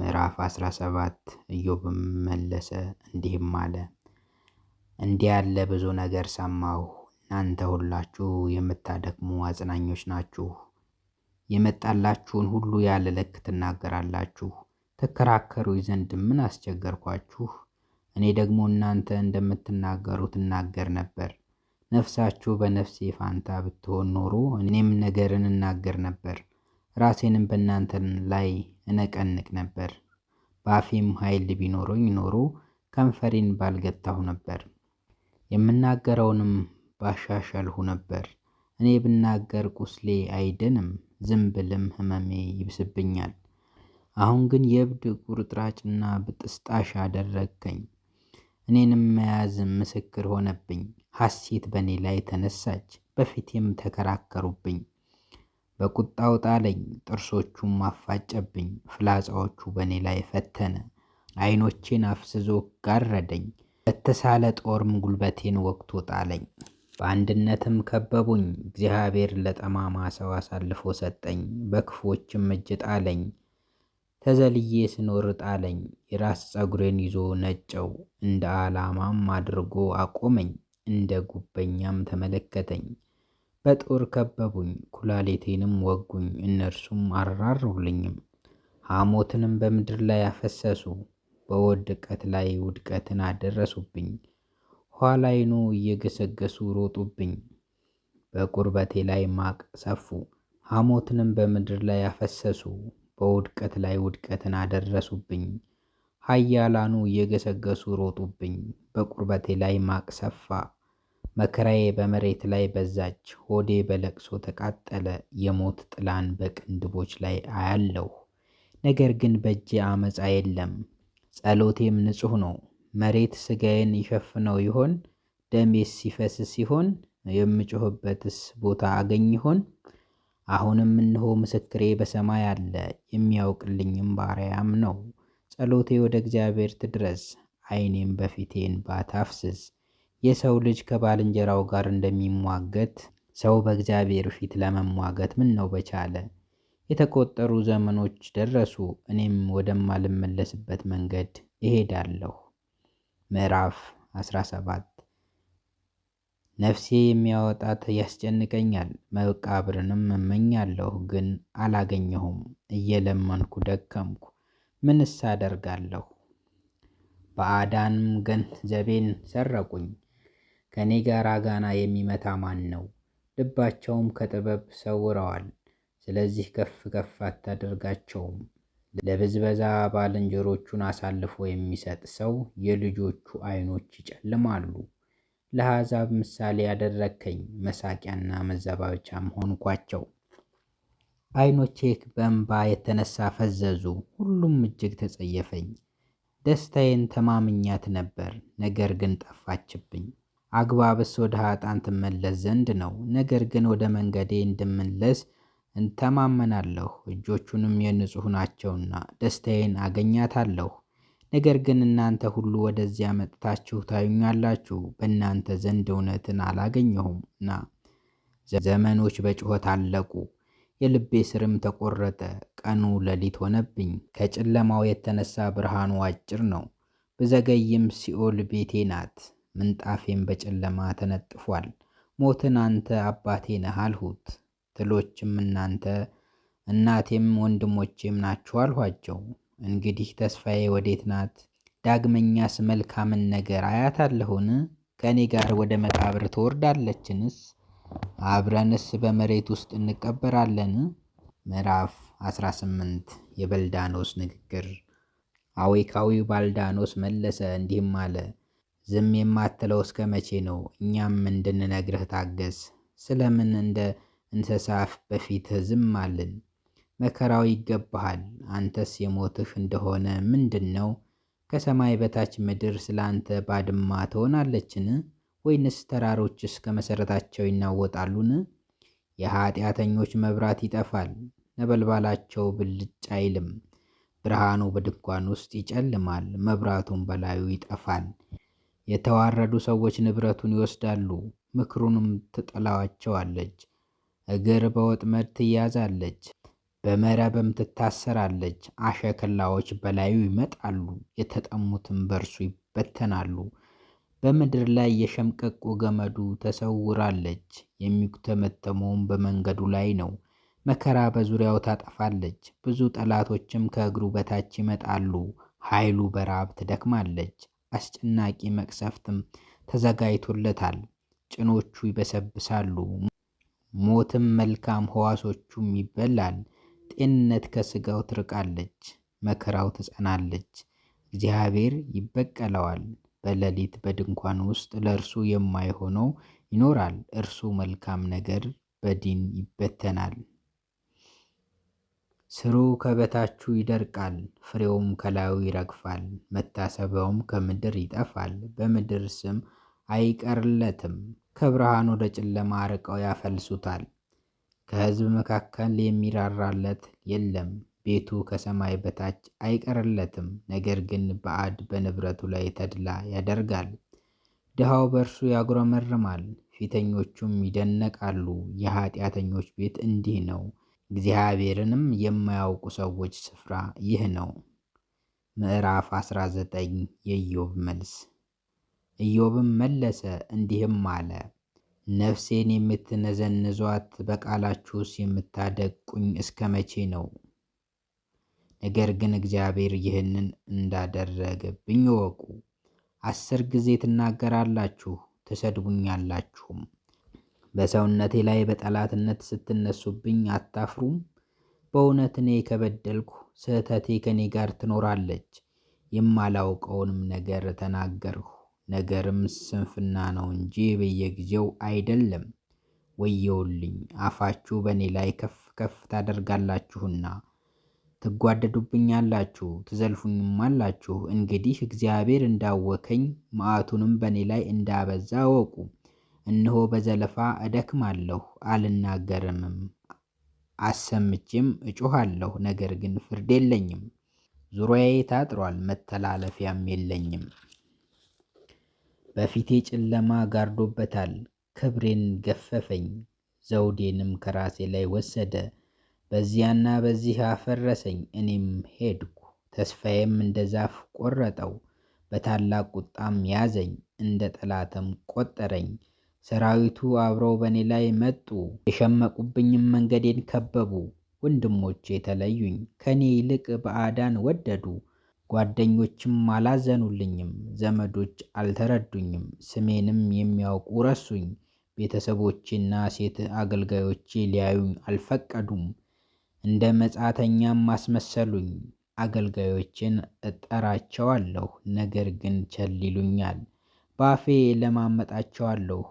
ምዕራፍ 17 ኢዮብ መለሰ እንዲህም አለ። እንዲህ ያለ ብዙ ነገር ሰማሁ። እናንተ ሁላችሁ የምታደክሙ አጽናኞች ናችሁ። የመጣላችሁን ሁሉ ያለ ልክ ትናገራላችሁ። ትከራከሩ ዘንድ ምን አስቸገርኳችሁ? እኔ ደግሞ እናንተ እንደምትናገሩ ትናገር ነበር። ነፍሳችሁ በነፍሴ ፋንታ ብትሆን ኖሮ እኔም ነገርን እናገር ነበር። ራሴንም በእናንተን ላይ እነቀንቅ ነበር። በአፌም ኃይል ቢኖረኝ ኖሮ ከንፈሬን ባልገታሁ ነበር፣ የምናገረውንም ባሻሻልሁ ነበር። እኔ ብናገር ቁስሌ አይድንም፣ ዝም ብልም ሕመሜ ይብስብኛል። አሁን ግን የእብድ ቁርጥራጭና ብጥስጣሽ አደረግከኝ። እኔንም መያዝ ምስክር ሆነብኝ። ሐሴት በእኔ ላይ ተነሳች፣ በፊቴም ተከራከሩብኝ። በቁጣው ጣለኝ ጥርሶቹም አፋጨብኝ ፍላጻዎቹ በእኔ ላይ ፈተነ አይኖቼን አፍስዞ ጋረደኝ በተሳለ ጦርም ጉልበቴን ወቅቶ ጣለኝ። በአንድነትም ከበቡኝ እግዚአብሔር ለጠማማ ሰው አሳልፎ ሰጠኝ። በክፎችም እጅ ጣለኝ ተዘልዬ ስኖር ጣለኝ። የራስ ፀጉሬን ይዞ ነጨው እንደ ዓላማም አድርጎ አቆመኝ። እንደ ጉበኛም ተመለከተኝ በጦር ከበቡኝ ኩላሊቴንም ወጉኝ እነርሱም አራሩልኝም ሐሞትንም በምድር ላይ አፈሰሱ በወድቀት ላይ ውድቀትን አደረሱብኝ። ኋላይኑ እየገሰገሱ ሮጡብኝ። በቁርበቴ ላይ ማቅ ሰፉ ሐሞትንም በምድር ላይ አፈሰሱ በውድቀት ላይ ውድቀትን አደረሱብኝ። ኃያላኑ እየገሰገሱ ሮጡብኝ በቁርበቴ ላይ ማቅ ሰፋ መከራዬ በመሬት ላይ በዛች፣ ሆዴ በለቅሶ ተቃጠለ። የሞት ጥላን በቅንድቦች ላይ አያለሁ፣ ነገር ግን በእጄ አመፃ የለም። ጸሎቴም ንጹሕ ነው። መሬት ስጋዬን ይሸፍነው ይሆን? ደሜስ ሲፈስ ሲሆን የምጮህበትስ ቦታ አገኝ ይሆን? አሁንም እንሆ ምስክሬ በሰማይ አለ፣ የሚያውቅልኝም ባርያም ነው። ጸሎቴ ወደ እግዚአብሔር ትድረስ፣ ዓይኔም በፊቴን ባታፍስስ የሰው ልጅ ከባልንጀራው ጋር እንደሚሟገት ሰው በእግዚአብሔር ፊት ለመሟገት ምን ነው በቻለ። የተቆጠሩ ዘመኖች ደረሱ፣ እኔም ወደማልመለስበት መንገድ እሄዳለሁ። ምዕራፍ 17 ነፍሴ የሚያወጣት ያስጨንቀኛል፣ መቃብርንም እመኛለሁ፣ ግን አላገኘሁም። እየለመንኩ ደከምኩ፣ ምንስ አደርጋለሁ? ባዕዳንም ገንዘቤን ሰረቁኝ፣ ከእኔ ጋር ጋና የሚመታ ማን ነው? ልባቸውም ከጥበብ ሰውረዋል፣ ስለዚህ ከፍ ከፍ አታደርጋቸውም። ለብዝበዛ ባልንጀሮቹን አሳልፎ የሚሰጥ ሰው የልጆቹ ዓይኖች ይጨልማሉ። ለአሕዛብ ምሳሌ ያደረግከኝ መሳቂያና መዘባበቻም ሆንኳቸው። ዓይኖቼ በእንባ የተነሳ ፈዘዙ፣ ሁሉም እጅግ ተጸየፈኝ። ደስታዬን ተማምኛት ነበር፣ ነገር ግን ጠፋችብኝ። አግባብስ ወደ ኃጣን ትመለስ ዘንድ ነው። ነገር ግን ወደ መንገዴ እንድመለስ እንተማመናለሁ፣ እጆቹንም የንጹሕ ናቸውና ደስታዬን አገኛታለሁ። ነገር ግን እናንተ ሁሉ ወደዚያ መጥታችሁ ታዩኛላችሁ፣ በእናንተ ዘንድ እውነትን አላገኘሁምና። ዘመኖች በጩኸት አለቁ፣ የልቤ ስርም ተቆረጠ። ቀኑ ሌሊት ሆነብኝ፣ ከጨለማው የተነሳ ብርሃኑ አጭር ነው። ብዘገይም ሲኦል ቤቴ ናት፣ ምንጣፌም በጨለማ ተነጥፏል። ሞትን አንተ አባቴ ነህ አልሁት። ትሎችም እናንተ እናቴም ወንድሞቼም ናችሁ አልኋቸው። እንግዲህ ተስፋዬ ወዴት ናት? ዳግመኛስ መልካምን ነገር አያታለሁን? ከእኔ ጋር ወደ መቃብር ትወርዳለችንስ? አብረንስ በመሬት ውስጥ እንቀበራለን? ምዕራፍ 18 የበልዳኖስ ንግግር። አዌካዊው ባልዳኖስ መለሰ እንዲህም አለ ዝም የማትለው እስከ መቼ ነው? እኛም እንድንነግርህ ታገስ። ስለምን እንደ እንስሳፍ በፊትህ ዝም አልን? መከራው ይገባሃል። አንተስ የሞትህ እንደሆነ ምንድን ነው? ከሰማይ በታች ምድር ስለ አንተ ባድማ ትሆናለችን? ወይንስ ተራሮች እስከ መሠረታቸው ይናወጣሉን? የኀጢአተኞች መብራት ይጠፋል፣ ነበልባላቸው ብልጭ አይልም። ብርሃኑ በድንኳን ውስጥ ይጨልማል፣ መብራቱም በላዩ ይጠፋል። የተዋረዱ ሰዎች ንብረቱን ይወስዳሉ፣ ምክሩንም ትጥላቸዋለች። እግር በወጥመድ ትያዛለች፣ በመረብም ትታሰራለች። አሸክላዎች በላዩ ይመጣሉ፣ የተጠሙትም በእርሱ ይበተናሉ። በምድር ላይ የሸምቀቆ ገመዱ ተሰውራለች፣ የሚተመተመውም በመንገዱ ላይ ነው። መከራ በዙሪያው ታጠፋለች፣ ብዙ ጠላቶችም ከእግሩ በታች ይመጣሉ። ኃይሉ በራብ ትደክማለች፣ አስጨናቂ መቅሰፍትም ተዘጋጅቶለታል። ጭኖቹ ይበሰብሳሉ፣ ሞትም መልካም ሕዋሶቹም ይበላል። ጤንነት ከሥጋው ትርቃለች፣ መከራው ትጸናለች። እግዚአብሔር ይበቀለዋል። በሌሊት በድንኳን ውስጥ ለእርሱ የማይሆነው ይኖራል። እርሱ መልካም ነገር በዲን ይበተናል። ስሩ ከበታቹ ይደርቃል፣ ፍሬውም ከላዩ ይረግፋል። መታሰቢያውም ከምድር ይጠፋል፣ በምድር ስም አይቀርለትም። ከብርሃን ወደ ጨለማ አርቀው ያፈልሱታል። ከሕዝብ መካከል የሚራራለት የለም። ቤቱ ከሰማይ በታች አይቀርለትም። ነገር ግን በአድ በንብረቱ ላይ ተድላ ያደርጋል። ድሃው በእርሱ ያጉረመርማል፣ ፊተኞቹም ይደነቃሉ። የኃጢአተኞች ቤት እንዲህ ነው። እግዚአብሔርንም የማያውቁ ሰዎች ስፍራ ይህ ነው። ምዕራፍ 19 የኢዮብ መልስ። ኢዮብም መለሰ እንዲህም አለ። ነፍሴን የምትነዘንዟት በቃላችሁስ የምታደቁኝ እስከ መቼ ነው? ነገር ግን እግዚአብሔር ይህንን እንዳደረገብኝ እወቁ። አስር ጊዜ ትናገራላችሁ፣ ትሰድቡኛላችሁም በሰውነቴ ላይ በጠላትነት ስትነሱብኝ አታፍሩም? በእውነት እኔ ከበደልኩ ስህተቴ ከኔ ጋር ትኖራለች። የማላውቀውንም ነገር ተናገርሁ። ነገርም ስንፍና ነው እንጂ በየጊዜው አይደለም። ወየውልኝ! አፋችሁ በእኔ ላይ ከፍ ከፍ ታደርጋላችሁና ትጓደዱብኛላችሁ፣ ትዘልፉኝም አላችሁ። እንግዲህ እግዚአብሔር እንዳወከኝ መዓቱንም በእኔ ላይ እንዳበዛ አወቁ። እነሆ በዘለፋ እደክማለሁ አልናገርምም አሰምቼም እጮኋለሁ፣ ነገር ግን ፍርድ የለኝም። ዙሪያዬ ታጥሯል መተላለፊያም የለኝም። በፊቴ ጨለማ ጋርዶበታል ክብሬን ገፈፈኝ ዘውዴንም ከራሴ ላይ ወሰደ። በዚያና በዚህ አፈረሰኝ እኔም ሄድኩ ተስፋዬም እንደ ዛፍ ቆረጠው። በታላቅ ቁጣም ያዘኝ እንደ ጠላትም ቆጠረኝ። ሰራዊቱ አብረው በእኔ ላይ መጡ፣ የሸመቁብኝም መንገዴን ከበቡ። ወንድሞቼ ተለዩኝ፣ ከእኔ ይልቅ በአዳን ወደዱ። ጓደኞችም አላዘኑልኝም፣ ዘመዶች አልተረዱኝም። ስሜንም የሚያውቁ ረሱኝ። ቤተሰቦቼና ሴት አገልጋዮቼ ሊያዩኝ አልፈቀዱም፣ እንደ መጻተኛም አስመሰሉኝ። አገልጋዮችን እጠራቸዋለሁ፣ ነገር ግን ቸል ይሉኛል። ባፌ ለማመጣቸዋለሁ፣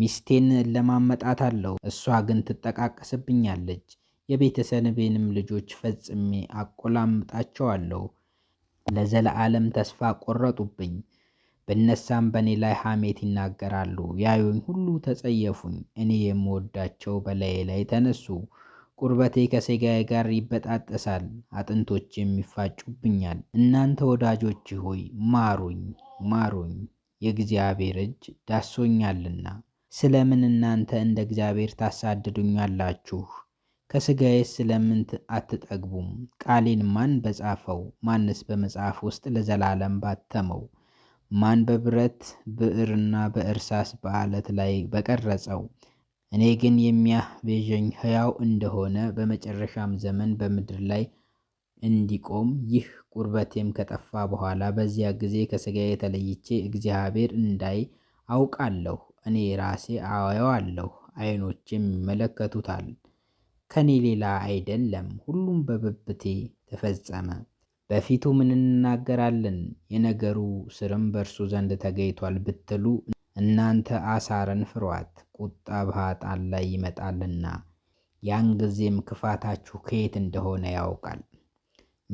ሚስቴን ለማመጣት አለው! እሷ ግን ትጠቃቀስብኛለች። የቤተሰቤንም ልጆች ፈጽሜ አቆላምጣቸዋለሁ። ለዘለዓለም ተስፋ ቆረጡብኝ። ብነሳም በእኔ ላይ ሐሜት ይናገራሉ። ያዩኝ ሁሉ ተጸየፉኝ። እኔ የምወዳቸው በላዬ ላይ ተነሱ። ቁርበቴ ከሥጋዬ ጋር ይበጣጠሳል፣ አጥንቶቼም ይፋጩብኛል። እናንተ ወዳጆች ሆይ ማሩኝ፣ ማሩኝ፣ የእግዚአብሔር እጅ ዳሶኛልና። ስለምን እናንተ እንደ እግዚአብሔር ታሳድዱኛላችሁ? ከሥጋዬስ ስለምን አትጠግቡም? ቃሌን ማን በጻፈው? ማንስ በመጽሐፍ ውስጥ ለዘላለም ባተመው? ማን በብረት ብዕርና በእርሳስ በዓለት ላይ በቀረጸው? እኔ ግን የሚያቤዠኝ ሕያው እንደሆነ በመጨረሻም ዘመን በምድር ላይ እንዲቆም ይህ ቁርበቴም ከጠፋ በኋላ በዚያ ጊዜ ከሥጋዬ ተለይቼ እግዚአብሔር እንዳይ አውቃለሁ። እኔ ራሴ አየዋለሁ አይኖቼም ይመለከቱታል። ከኔ ሌላ አይደለም ሁሉም በብብቴ ተፈጸመ። በፊቱ ምን እንናገራለን የነገሩ ስርም በእርሱ ዘንድ ተገይቷል ብትሉ እናንተ አሳርን ፍሯት፣ ቁጣ በኃጥአን ላይ ይመጣልና ያን ጊዜም ክፋታችሁ ከየት እንደሆነ ያውቃል።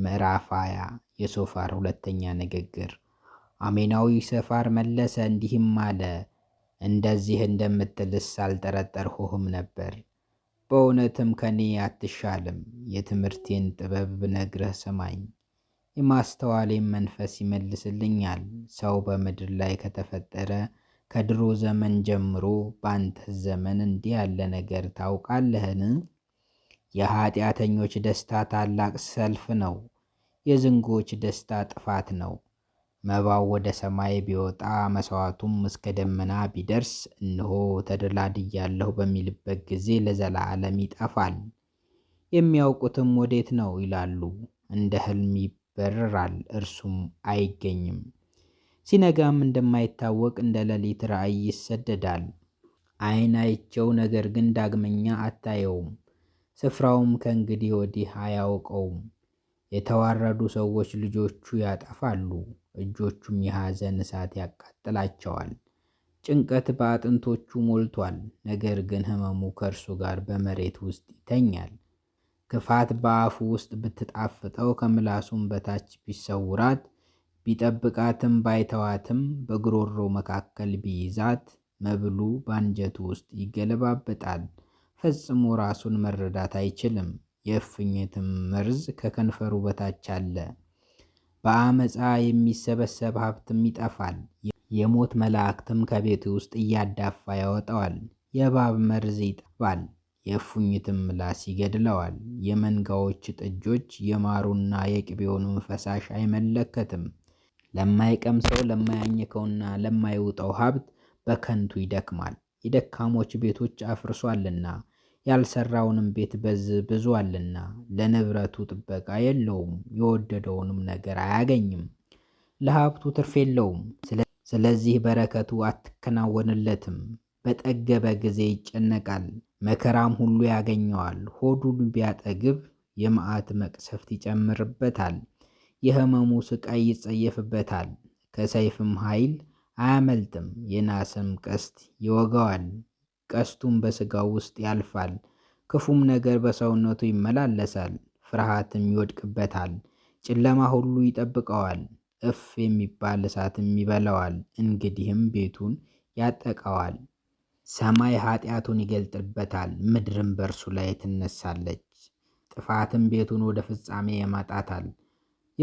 ምዕራፍ 20 የሶፋር ሁለተኛ ንግግር። አሜናዊ ሶፋር መለሰ እንዲህም አለ እንደዚህ እንደምትልስ አልጠረጠርሁህም ነበር። በእውነትም ከኔ አትሻልም። የትምህርቴን ጥበብ ብነግረህ ስማኝ፣ የማስተዋሌም መንፈስ ይመልስልኛል። ሰው በምድር ላይ ከተፈጠረ ከድሮ ዘመን ጀምሮ በአንተ ዘመን እንዲህ ያለ ነገር ታውቃለህን? የኃጢአተኞች ደስታ ታላቅ ሰልፍ ነው፣ የዝንጎች ደስታ ጥፋት ነው። መባው ወደ ሰማይ ቢወጣ መስዋዕቱም እስከ ደመና ቢደርስ እነሆ ተደላድያለሁ በሚልበት ጊዜ ለዘላለም ይጠፋል። የሚያውቁትም ወዴት ነው ይላሉ። እንደ ሕልም ይበረራል እርሱም አይገኝም። ሲነጋም እንደማይታወቅ እንደ ሌሊት ራእይ ይሰደዳል። ዓይን አይቼው ነገር ግን ዳግመኛ አታየውም። ስፍራውም ከእንግዲህ ወዲህ አያውቀውም። የተዋረዱ ሰዎች ልጆቹ ያጠፋሉ። እጆቹም የሐዘን እሳት ያቃጥላቸዋል። ጭንቀት በአጥንቶቹ ሞልቷል። ነገር ግን ህመሙ ከእርሱ ጋር በመሬት ውስጥ ይተኛል። ክፋት በአፉ ውስጥ ብትጣፍጠው ከምላሱም በታች ቢሰውራት ቢጠብቃትም ባይተዋትም በግሮሮ መካከል ቢይዛት መብሉ ባንጀቱ ውስጥ ይገለባበጣል። ፈጽሞ ራሱን መረዳት አይችልም። የእፉኝትም መርዝ ከከንፈሩ በታች አለ። በአመፃ የሚሰበሰብ ሀብትም ይጠፋል። የሞት መላእክትም ከቤቱ ውስጥ እያዳፋ ያወጣዋል። የባብ መርዝ ይጠባል፣ የእፉኝትም ምላስ ይገድለዋል። የመንጋዎች ጥጆች የማሩና የቅቤውንም ፈሳሽ አይመለከትም። ለማይቀምሰው ለማያኝከውና ለማይውጠው ሀብት በከንቱ ይደክማል። የደካሞች ቤቶች አፍርሷልና ያልሰራውንም ቤት በዝ ብዙ አለና ለንብረቱ ጥበቃ የለውም፣ የወደደውንም ነገር አያገኝም፣ ለሀብቱ ትርፍ የለውም። ስለዚህ በረከቱ አትከናወንለትም። በጠገበ ጊዜ ይጨነቃል፣ መከራም ሁሉ ያገኘዋል። ሆዱን ቢያጠግብ የመዓት መቅሰፍት ይጨምርበታል፣ የሕመሙ ስቃይ ይጸየፍበታል። ከሰይፍም ኃይል አያመልጥም፣ የናስም ቀስት ይወጋዋል። ቀስቱም በሥጋው ውስጥ ያልፋል፣ ክፉም ነገር በሰውነቱ ይመላለሳል፣ ፍርሃትም ይወድቅበታል። ጨለማ ሁሉ ይጠብቀዋል፣ እፍ የሚባል እሳትም ይበላዋል። እንግዲህም ቤቱን ያጠቃዋል፣ ሰማይ ኃጢአቱን ይገልጥበታል፣ ምድርም በእርሱ ላይ ትነሳለች። ጥፋትም ቤቱን ወደ ፍጻሜ ያመጣታል፣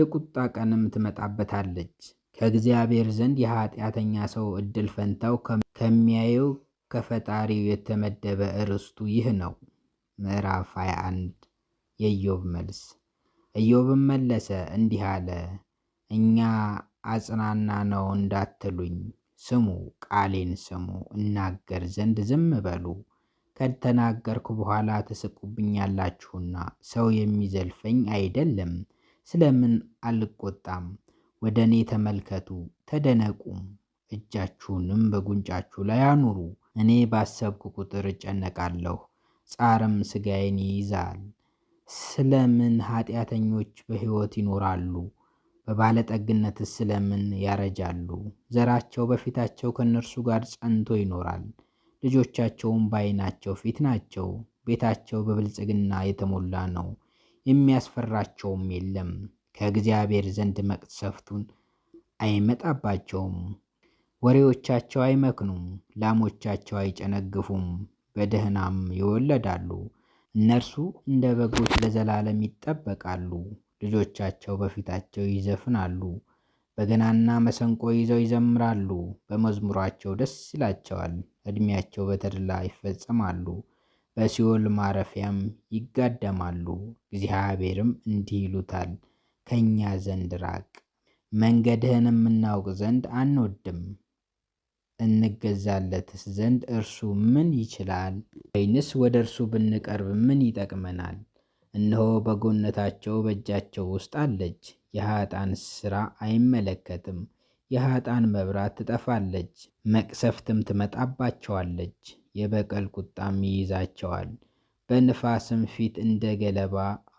የቁጣ ቀንም ትመጣበታለች። ከእግዚአብሔር ዘንድ የኃጢአተኛ ሰው ዕድል ፈንታው ከሚያየው ከፈጣሪው የተመደበ እርስቱ ይህ ነው። ምዕራፍ 21 የኢዮብ መልስ። ኢዮብም መለሰ እንዲህ አለ፣ እኛ አጽናና ነው እንዳትሉኝ ስሙ፣ ቃሌን ስሙ፣ እናገር ዘንድ ዝም በሉ። ከተናገርኩ በኋላ ትስቁብኛላችሁና ሰው የሚዘልፈኝ አይደለም። ስለምን አልቆጣም? ወደ እኔ ተመልከቱ፣ ተደነቁም፣ እጃችሁንም በጉንጫችሁ ላይ አኑሩ። እኔ ባሰብኩ ቁጥር እጨነቃለሁ፣ ጻርም ስጋዬን ይይዛል። ስለምን ኃጢአተኞች በሕይወት ይኖራሉ? በባለጠግነት ስለምን ያረጃሉ? ዘራቸው በፊታቸው ከእነርሱ ጋር ጸንቶ ይኖራል፣ ልጆቻቸውም በዓይናቸው ፊት ናቸው። ቤታቸው በብልጽግና የተሞላ ነው፣ የሚያስፈራቸውም የለም። ከእግዚአብሔር ዘንድ መቅሰፍቱን አይመጣባቸውም። ወሬዎቻቸው አይመክኑም፣ ላሞቻቸው አይጨነግፉም፣ በደህናም ይወለዳሉ። እነርሱ እንደ በጎች ለዘላለም ይጠበቃሉ። ልጆቻቸው በፊታቸው ይዘፍናሉ፣ በገናና መሰንቆ ይዘው ይዘምራሉ። በመዝሙራቸው ደስ ይላቸዋል፣ ዕድሜያቸው በተድላ ይፈጸማሉ፣ በሲኦል ማረፊያም ይጋደማሉ። እግዚአብሔርም እንዲህ ይሉታል፣ ከእኛ ዘንድ ራቅ፣ መንገድህንም እናውቅ ዘንድ አንወድም። እንገዛለትስ ዘንድ እርሱ ምን ይችላል? ወይንስ ወደ እርሱ ብንቀርብ ምን ይጠቅመናል? እነሆ በጎነታቸው በእጃቸው ውስጥ አለች። የኃጥአን ሥራ አይመለከትም። የኃጥአን መብራት ትጠፋለች፣ መቅሰፍትም ትመጣባቸዋለች። የበቀል ቁጣም ይይዛቸዋል። በንፋስም ፊት እንደ ገለባ፣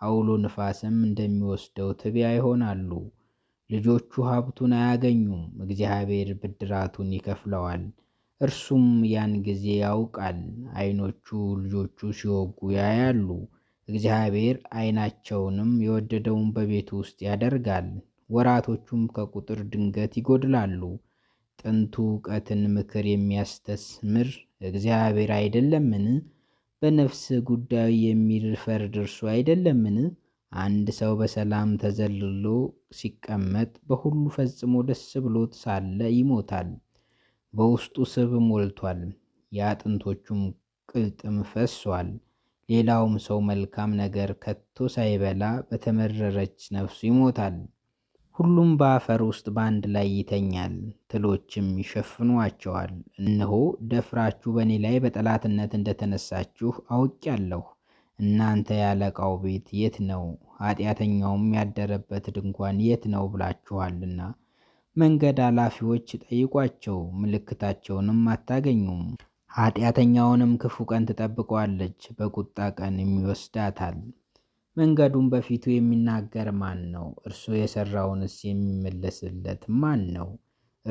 አውሎ ንፋስም እንደሚወስደው ትቢያ ይሆናሉ። ልጆቹ ሀብቱን አያገኙም፣ እግዚአብሔር ብድራቱን ይከፍለዋል። እርሱም ያን ጊዜ ያውቃል። ዓይኖቹ ልጆቹ ሲወጉ ያያሉ፣ እግዚአብሔር ዓይናቸውንም የወደደውን በቤቱ ውስጥ ያደርጋል። ወራቶቹም ከቁጥር ድንገት ይጎድላሉ። ጥንቱ ዕውቀትን ምክር የሚያስተስምር እግዚአብሔር አይደለምን? በነፍስ ጉዳዩ የሚፈርድ እርሱ አይደለምን? አንድ ሰው በሰላም ተዘልሎ ሲቀመጥ በሁሉ ፈጽሞ ደስ ብሎት ሳለ ይሞታል። በውስጡ ስብ ሞልቷል፣ የአጥንቶቹም ቅልጥም ፈሷል። ሌላውም ሰው መልካም ነገር ከቶ ሳይበላ በተመረረች ነፍሱ ይሞታል። ሁሉም በአፈር ውስጥ በአንድ ላይ ይተኛል፣ ትሎችም ይሸፍኗቸዋል። እነሆ ደፍራችሁ በእኔ ላይ በጠላትነት እንደተነሳችሁ አውቄአለሁ። እናንተ ያለቃው ቤት የት ነው? ኃጢአተኛውም ያደረበት ድንኳን የት ነው ብላችኋልና መንገድ አላፊዎች ጠይቋቸው፣ ምልክታቸውንም አታገኙም። ኃጢአተኛውንም ክፉ ቀን ትጠብቀዋለች፣ በቁጣ ቀን የሚወስዳታል። መንገዱን በፊቱ የሚናገር ማን ነው? እርሱ የሠራውንስ የሚመለስለት ማን ነው?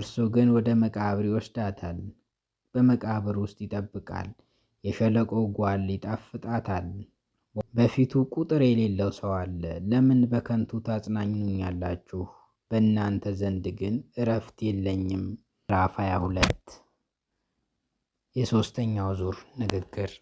እርሱ ግን ወደ መቃብር ይወስዳታል፣ በመቃብር ውስጥ ይጠብቃል። የሸለቆ ጓል ይጣፍጣታል። በፊቱ ቁጥር የሌለው ሰው አለ። ለምን በከንቱ ታጽናኙኛላችሁ? በእናንተ ዘንድ ግን እረፍት የለኝም። ራፋያ ሁለት የሶስተኛው ዙር ንግግር